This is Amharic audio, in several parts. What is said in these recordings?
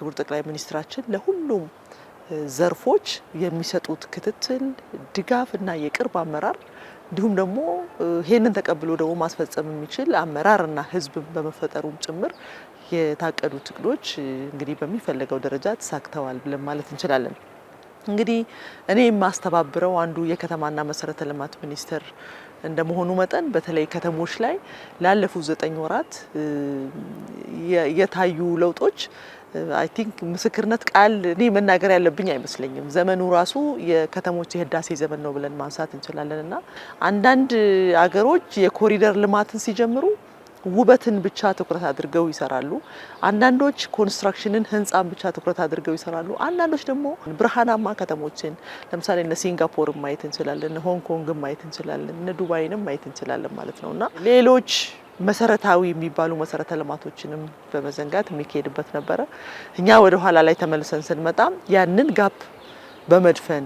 ክቡር ጠቅላይ ሚኒስትራችን ለሁሉም ዘርፎች የሚሰጡት ክትትል፣ ድጋፍ እና የቅርብ አመራር እንዲሁም ደግሞ ይህንን ተቀብሎ ደግሞ ማስፈጸም የሚችል አመራር እና ህዝብ በመፈጠሩም ጭምር የታቀዱ እቅዶች እንግዲህ በሚፈለገው ደረጃ ተሳክተዋል ብለን ማለት እንችላለን። እንግዲህ እኔ የማስተባብረው አንዱ የከተማና መሰረተ ልማት ሚኒስቴር እንደመሆኑ መጠን በተለይ ከተሞች ላይ ላለፉት ዘጠኝ ወራት የታዩ ለውጦች አይ ቲንክ ምስክርነት ቃል እኔ መናገር ያለብኝ አይመስለኝም። ዘመኑ ራሱ የከተሞች የህዳሴ ዘመን ነው ብለን ማንሳት እንችላለን እና አንዳንድ አገሮች የኮሪደር ልማትን ሲጀምሩ ውበትን ብቻ ትኩረት አድርገው ይሰራሉ። አንዳንዶች ኮንስትራክሽንን፣ ህንፃን ብቻ ትኩረት አድርገው ይሰራሉ። አንዳንዶች ደግሞ ብርሃናማ ከተሞችን ለምሳሌ እነ ሲንጋፖርን ማየት እንችላለን፣ ሆንግ ኮንግን ማየት እንችላለን፣ እነ ዱባይንም ማየት እንችላለን ማለት ነው እና ሌሎች መሰረታዊ የሚባሉ መሰረተ ልማቶችንም በመዘንጋት የሚካሄድበት ነበረ። እኛ ወደ ኋላ ላይ ተመልሰን ስንመጣ ያንን ጋፕ በመድፈን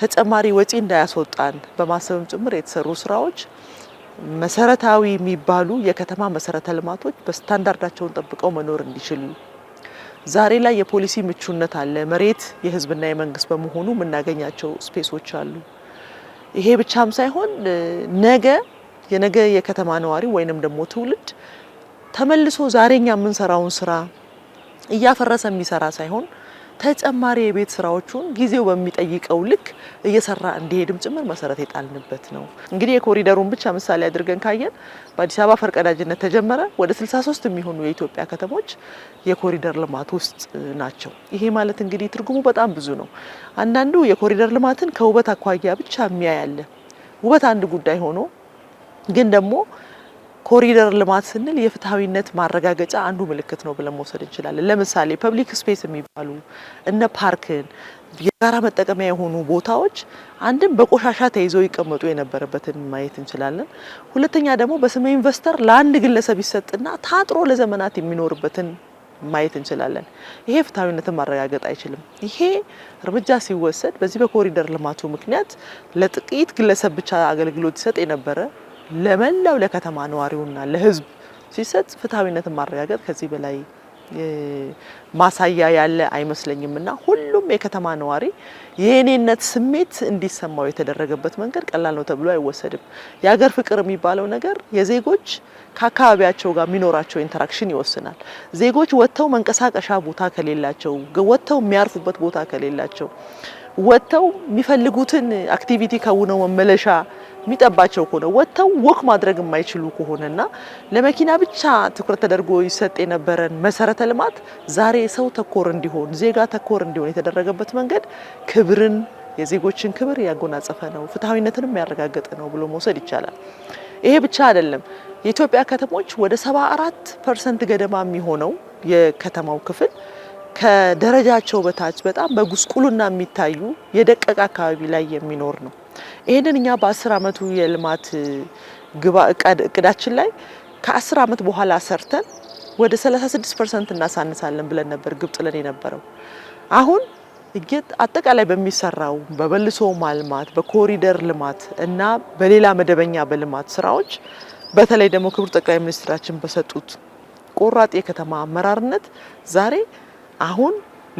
ተጨማሪ ወጪ እንዳያስወጣን በማሰብም ጭምር የተሰሩ ስራዎች መሰረታዊ የሚባሉ የከተማ መሰረተ ልማቶች በስታንዳርዳቸውን ጠብቀው መኖር እንዲችሉ ዛሬ ላይ የፖሊሲ ምቹነት አለ። መሬት የህዝብና የመንግስት በመሆኑ የምናገኛቸው ስፔሶች አሉ። ይሄ ብቻም ሳይሆን ነገ የነገ የከተማ ነዋሪ ወይንም ደግሞ ትውልድ ተመልሶ ዛሬኛ የምንሰራውን ስራ እያፈረሰ የሚሰራ ሳይሆን ተጨማሪ የቤት ስራዎቹን ጊዜው በሚጠይቀው ልክ እየሰራ እንዲሄድም ጭምር መሰረት የጣልንበት ነው። እንግዲህ የኮሪደሩን ብቻ ምሳሌ አድርገን ካየን በአዲስ አበባ ፈርቀዳጅነት ተጀመረ። ወደ 63 የሚሆኑ የኢትዮጵያ ከተሞች የኮሪደር ልማት ውስጥ ናቸው። ይሄ ማለት እንግዲህ ትርጉሙ በጣም ብዙ ነው። አንዳንዱ የኮሪደር ልማትን ከውበት አኳያ ብቻ የሚያያለ ውበት አንድ ጉዳይ ሆኖ ግን ደግሞ ኮሪደር ልማት ስንል የፍትሐዊነት ማረጋገጫ አንዱ ምልክት ነው ብለን መውሰድ እንችላለን። ለምሳሌ ፐብሊክ ስፔስ የሚባሉ እነ ፓርክን የጋራ መጠቀሚያ የሆኑ ቦታዎች አንድም በቆሻሻ ተይዘው ይቀመጡ የነበረበትን ማየት እንችላለን። ሁለተኛ ደግሞ በስመ ኢንቨስተር ለአንድ ግለሰብ ይሰጥና ታጥሮ ለዘመናት የሚኖርበትን ማየት እንችላለን። ይሄ ፍትሐዊነትን ማረጋገጥ አይችልም። ይሄ እርምጃ ሲወሰድ በዚህ በኮሪደር ልማቱ ምክንያት ለጥቂት ግለሰብ ብቻ አገልግሎት ይሰጥ የነበረ ለመላው ለከተማ ነዋሪውና ለህዝብ ሲሰጥ ፍትሐዊነትን ማረጋገጥ ከዚህ በላይ ማሳያ ያለ አይመስለኝም እና ሁሉም የከተማ ነዋሪ የእኔነት ስሜት እንዲሰማው የተደረገበት መንገድ ቀላል ነው ተብሎ አይወሰድም። የሀገር ፍቅር የሚባለው ነገር የዜጎች ከአካባቢያቸው ጋር የሚኖራቸው ኢንተራክሽን ይወስናል። ዜጎች ወጥተው መንቀሳቀሻ ቦታ ከሌላቸው፣ ወጥተው የሚያርፉበት ቦታ ከሌላቸው፣ ወጥተው የሚፈልጉትን አክቲቪቲ ከውነው መመለሻ የሚጠባቸው ከሆነ ወጥተው ወክ ማድረግ የማይችሉ ከሆነና ለመኪና ብቻ ትኩረት ተደርጎ ይሰጥ የነበረን መሰረተ ልማት ዛሬ ሰው ተኮር እንዲሆን፣ ዜጋ ተኮር እንዲሆን የተደረገበት መንገድ ክብርን የዜጎችን ክብር ያጎናጸፈ ነው፣ ፍትሐዊነትንም ያረጋገጠ ነው ብሎ መውሰድ ይቻላል። ይሄ ብቻ አይደለም። የኢትዮጵያ ከተሞች ወደ 74 ፐርሰንት ገደማ የሚሆነው የከተማው ክፍል ከደረጃቸው በታች በጣም በጉስቁልና የሚታዩ የደቀቀ አካባቢ ላይ የሚኖር ነው። ይህንን እኛ በአስር አመቱ የልማት እቅዳችን ላይ ከአስር አመት በኋላ ሰርተን ወደ 36 ፐርሰንት እናሳንሳለን ብለን ነበር ግብ ጥለን የነበረው። አሁን አጠቃላይ በሚሰራው በመልሶ ማልማት በኮሪደር ልማት እና በሌላ መደበኛ በልማት ስራዎች በተለይ ደግሞ ክቡር ጠቅላይ ሚኒስትራችን በሰጡት ቆራጥ የከተማ አመራርነት ዛሬ አሁን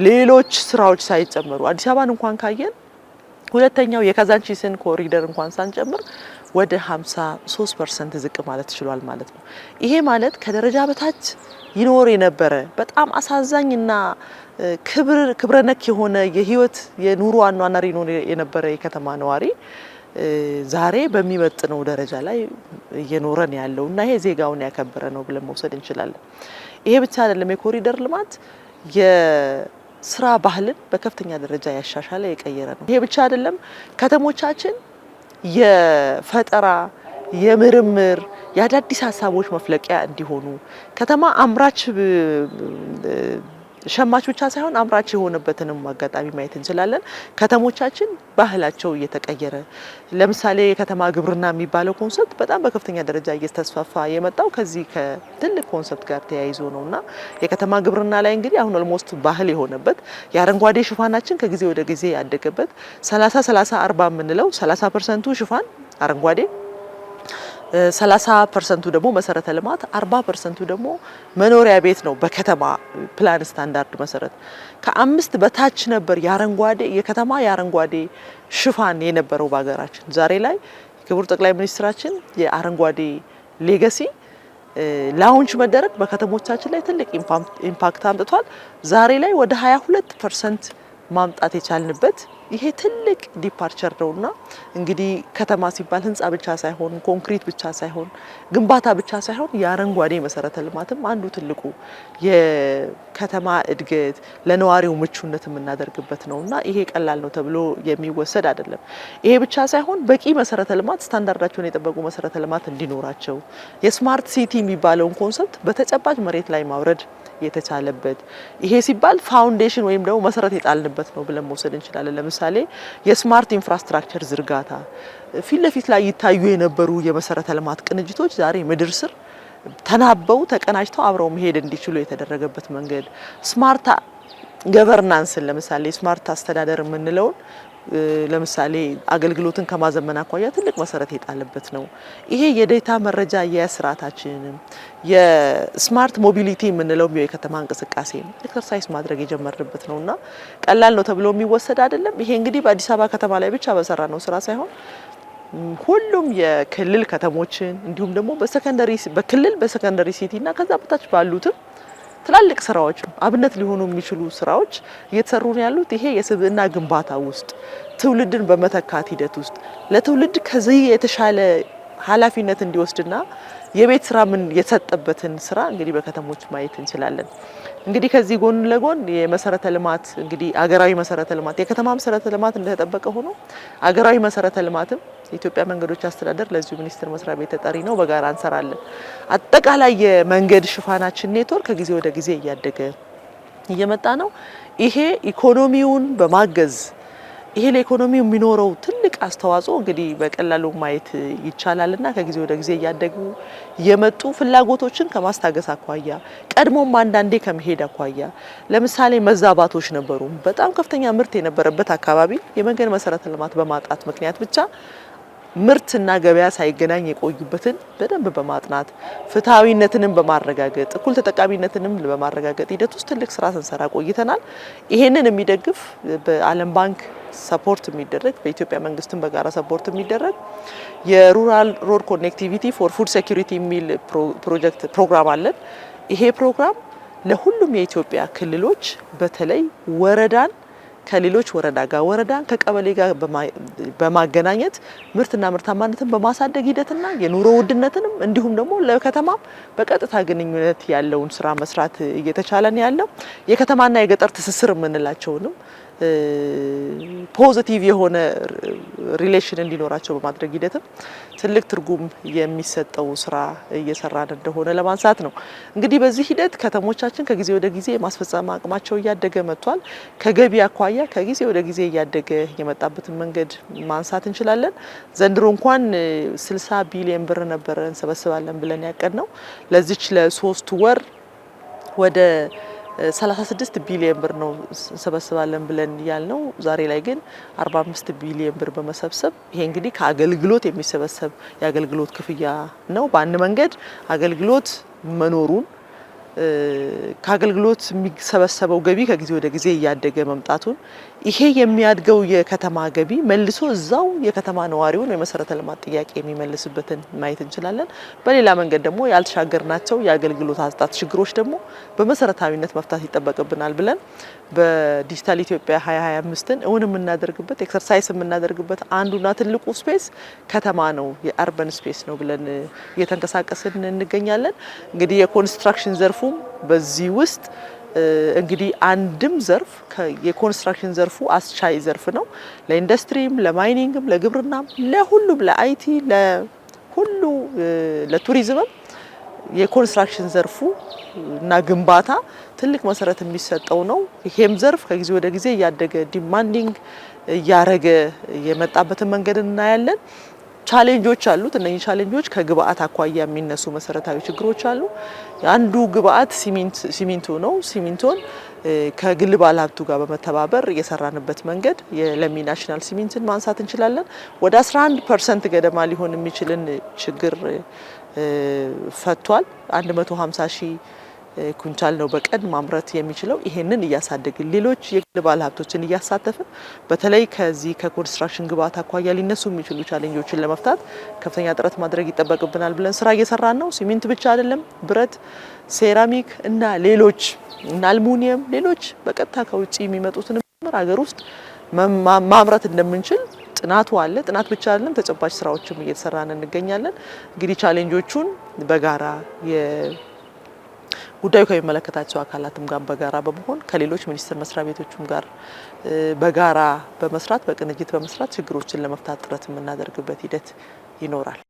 ሌሎች ስራዎች ሳይጨመሩ አዲስ አበባን እንኳን ካየን ሁለተኛው የካዛንቺስን ኮሪደር እንኳን ሳንጨምር ወደ 53 ፐርሰንት ዝቅ ማለት ችሏል ማለት ነው። ይሄ ማለት ከደረጃ በታች ይኖር የነበረ በጣም አሳዛኝና ክብረ ክብረነክ የሆነ የህይወት የኑሮ አኗኗር ይኖር የነበረ የከተማ ነዋሪ ዛሬ በሚመጥነው ደረጃ ላይ እየኖረን ያለው እና ይሄ ዜጋውን ያከበረ ነው ብለን መውሰድ እንችላለን። ይሄ ብቻ አይደለም የኮሪደር ልማት የስራ ባህልን በከፍተኛ ደረጃ ያሻሻለ የቀየረ ነው። ይሄ ብቻ አይደለም። ከተሞቻችን የፈጠራ የምርምር የአዳዲስ ሀሳቦች መፍለቂያ እንዲሆኑ ከተማ አምራች ሸማች ብቻ ሳይሆን አምራች የሆነበትንም አጋጣሚ ማየት እንችላለን። ከተሞቻችን ባህላቸው እየተቀየረ ለምሳሌ የከተማ ግብርና የሚባለው ኮንሰፕት በጣም በከፍተኛ ደረጃ እየተስፋፋ የመጣው ከዚህ ከትልቅ ኮንሰፕት ጋር ተያይዞ ነው እና የከተማ ግብርና ላይ እንግዲህ አሁን ኦልሞስት ባህል የሆነበት የአረንጓዴ ሽፋናችን ከጊዜ ወደ ጊዜ ያደገበት 30 30 40 የምንለው 30 ፐርሰንቱ ሽፋን አረንጓዴ 30 ፐርሰንቱ ደግሞ መሰረተ ልማት፣ 40 ፐርሰንቱ ደግሞ መኖሪያ ቤት ነው። በከተማ ፕላን ስታንዳርድ መሰረት ከአምስት በታች ነበር የአረንጓዴ የከተማ የአረንጓዴ ሽፋን የነበረው በሀገራችን። ዛሬ ላይ ክቡር ጠቅላይ ሚኒስትራችን የአረንጓዴ ሌገሲ ላውንች መደረግ በከተሞቻችን ላይ ትልቅ ኢምፓክት አምጥቷል። ዛሬ ላይ ወደ 22 ፐርሰንት ማምጣት የቻልንበት ይሄ ትልቅ ዲፓርቸር ነውና እንግዲህ ከተማ ሲባል ህንፃ ብቻ ሳይሆን ኮንክሪት ብቻ ሳይሆን ግንባታ ብቻ ሳይሆን የአረንጓዴ መሰረተ ልማትም አንዱ ትልቁ የከተማ እድገት ለነዋሪው ምቹነት የምናደርግበት ነውና ይሄ ቀላል ነው ተብሎ የሚወሰድ አይደለም። ይሄ ብቻ ሳይሆን በቂ መሰረተ ልማት ስታንዳርዳቸውን የጠበቁ መሰረተ ልማት እንዲኖራቸው የስማርት ሲቲ የሚባለውን ኮንሰፕት በተጨባጭ መሬት ላይ ማውረድ የተቻለበት ይሄ ሲባል ፋውንዴሽን ወይም ደግሞ መሰረት የጣልንበት ነው ብለን መውሰድ እንችላለን። ለምሳሌ የስማርት ኢንፍራስትራክቸር ዝርጋታ ፊት ለፊት ላይ ይታዩ የነበሩ የመሰረተ ልማት ቅንጅቶች ዛሬ ምድር ስር ተናበው ተቀናጅተው አብረው መሄድ እንዲችሉ የተደረገበት መንገድ ስማርት ገቨርናንስን ለምሳሌ ስማርት አስተዳደር የምንለውን ለምሳሌ አገልግሎትን ከማዘመን አኳያ ትልቅ መሰረት የጣለበት ነው። ይሄ የዴታ መረጃ አያያዝ ስርዓታችንንም የስማርት ሞቢሊቲ የምንለው የከተማ እንቅስቃሴ ኤክሰርሳይዝ ማድረግ የጀመርንበት ነው እና ቀላል ነው ተብሎ የሚወሰድ አይደለም። ይሄ እንግዲህ በአዲስ አበባ ከተማ ላይ ብቻ በሰራ ነው ስራ ሳይሆን ሁሉም የክልል ከተሞችን እንዲሁም ደግሞ በሰከንደሪ በክልል በሰከንደሪ ሲቲ እና ከዛ በታች ባሉትም ትላልቅ ስራዎች አብነት ሊሆኑ የሚችሉ ስራዎች እየተሰሩ ነው ያሉት። ይሄ የስብዕና ግንባታ ውስጥ ትውልድን በመተካት ሂደት ውስጥ ለትውልድ ከዚህ የተሻለ ኃላፊነት እንዲወስድና የቤት ስራ ምን የተሰጠበትን ስራ እንግዲህ በከተሞች ማየት እንችላለን። እንግዲህ ከዚህ ጎን ለጎን የመሰረተ ልማት እንግዲህ አገራዊ መሰረተ ልማት የከተማ መሰረተ ልማት እንደተጠበቀ ሆኖ አገራዊ መሰረተ ልማትም የኢትዮጵያ መንገዶች አስተዳደር ለዚሁ ሚኒስቴር መስሪያ ቤት ተጠሪ ነው። በጋራ እንሰራለን። አጠቃላይ የመንገድ ሽፋናችን ኔትወርክ ከጊዜ ወደ ጊዜ እያደገ እየመጣ ነው። ይሄ ኢኮኖሚውን በማገዝ ይሄ ለኢኮኖሚው የሚኖረው ትልቅ አስተዋጽኦ እንግዲህ በቀላሉ ማየት ይቻላል እና ከጊዜ ወደ ጊዜ እያደጉ የመጡ ፍላጎቶችን ከማስታገስ አኳያ ቀድሞም አንዳንዴ ከመሄድ አኳያ ለምሳሌ መዛባቶች ነበሩ። በጣም ከፍተኛ ምርት የነበረበት አካባቢ የመንገድ መሰረተ ልማት በማጣት ምክንያት ብቻ ምርትና ገበያ ሳይገናኝ የቆዩበትን በደንብ በማጥናት ፍትሐዊነትንም በማረጋገጥ እኩል ተጠቃሚነትንም በማረጋገጥ ሂደት ውስጥ ትልቅ ስራ ስንሰራ ቆይተናል። ይሄንን የሚደግፍ በዓለም ባንክ ሰፖርት የሚደረግ በኢትዮጵያ መንግስትም በጋራ ሰፖርት የሚደረግ የሩራል ሮድ ኮኔክቲቪቲ ፎር ፉድ ሴኩሪቲ የሚል ፕሮጀክት ፕሮግራም አለን። ይሄ ፕሮግራም ለሁሉም የኢትዮጵያ ክልሎች በተለይ ወረዳን ከሌሎች ወረዳ ጋር ወረዳን ከቀበሌ ጋር በማገናኘት ምርትና ምርታማነትን በማሳደግ ሂደትና የኑሮ ውድነትንም እንዲሁም ደግሞ ለከተማም በቀጥታ ግንኙነት ያለውን ስራ መስራት እየተቻለን ያለው የከተማና የገጠር ትስስር የምንላቸውንም ፖዘቲቭ የሆነ ሪሌሽን እንዲኖራቸው በማድረግ ሂደትም ትልቅ ትርጉም የሚሰጠው ስራ እየሰራን እንደሆነ ለማንሳት ነው። እንግዲህ በዚህ ሂደት ከተሞቻችን ከጊዜ ወደ ጊዜ የማስፈጸም አቅማቸው እያደገ መጥቷል። ከገቢ አኳያ ከጊዜ ወደ ጊዜ እያደገ የመጣበትን መንገድ ማንሳት እንችላለን። ዘንድሮ እንኳን 60 ቢሊዮን ብር ነበረ እንሰበስባለን ብለን ያቀድ ነው ለዚች ለሶስት ወር ወደ 36 ቢሊዮን ብር ነው እንሰበስባለን ብለን ያልነው፣ ዛሬ ላይ ግን 45 ቢሊዮን ብር በመሰብሰብ ይሄ እንግዲህ ከአገልግሎት የሚሰበሰብ የአገልግሎት ክፍያ ነው። በአንድ መንገድ አገልግሎት መኖሩን ከአገልግሎት የሚሰበሰበው ገቢ ከጊዜ ወደ ጊዜ እያደገ መምጣቱን ይሄ የሚያድገው የከተማ ገቢ መልሶ እዛው የከተማ ነዋሪውን የመሰረተ ልማት ጥያቄ የሚመልስበትን ማየት እንችላለን። በሌላ መንገድ ደግሞ ያልተሻገርናቸው የአገልግሎት አሰጣጥ ችግሮች ደግሞ በመሰረታዊነት መፍታት ይጠበቅብናል ብለን በዲጂታል ኢትዮጵያ 2025ን እውን የምናደርግበት ኤክሰርሳይስ የምናደርግበት አንዱና ትልቁ ስፔስ ከተማ ነው፣ የአርበን ስፔስ ነው ብለን እየተንቀሳቀስን እንገኛለን። እንግዲህ የኮንስትራክሽን ዘርፉም በዚህ ውስጥ እንግዲህ አንድም ዘርፍ የኮንስትራክሽን ዘርፉ አስቻይ ዘርፍ ነው። ለኢንዱስትሪም፣ ለማይኒንግም፣ ለግብርናም፣ ለሁሉም፣ ለአይቲ፣ ለሁሉ፣ ለቱሪዝምም የኮንስትራክሽን ዘርፉ እና ግንባታ ትልቅ መሰረት የሚሰጠው ነው። ይሄም ዘርፍ ከጊዜ ወደ ጊዜ እያደገ ዲማንዲንግ እያረገ የመጣበትን መንገድ እናያለን። ቻሌንጆች አሉት። እነዚህ ቻሌንጆች ከግብአት አኳያ የሚነሱ መሰረታዊ ችግሮች አሉ። አንዱ ግብአት ሲሚንቶ ነው። ሲሚንቶን ከግል ባለሀብቱ ጋር በመተባበር የሰራንበት መንገድ የለሚ ናሽናል ሲሚንትን ማንሳት እንችላለን። ወደ 11 ፐርሰንት ገደማ ሊሆን የሚችልን ችግር ፈቷል። 150 ሺህ ኩንታል ነው በቀን ማምረት የሚችለው። ይሄንን እያሳደግን ሌሎች የግል ባለሀብቶችን ሀብቶችን እያሳተፍን በተለይ ከዚህ ከኮንስትራክሽን ግብዓት አኳያ ሊነሱ የሚችሉ ቻሌንጆችን ለመፍታት ከፍተኛ ጥረት ማድረግ ይጠበቅብናል ብለን ስራ እየሰራን ነው። ሲሚንት ብቻ አይደለም፣ ብረት፣ ሴራሚክ እና ሌሎች እና አልሙኒየም ሌሎች በቀጥታ ከውጭ የሚመጡትን ሀገር ውስጥ ማምረት እንደምንችል ጥናቱ አለ። ጥናት ብቻ አይደለም፣ ተጨባጭ ስራዎችም እየተሰራን እንገኛለን። እንግዲህ ቻሌንጆቹን በጋራ ጉዳዩ ከሚመለከታቸው አካላትም ጋር በጋራ በመሆን ከሌሎች ሚኒስቴር መስሪያ ቤቶችም ጋር በጋራ በመስራት በቅንጅት በመስራት ችግሮችን ለመፍታት ጥረት የምናደርግበት ሂደት ይኖራል።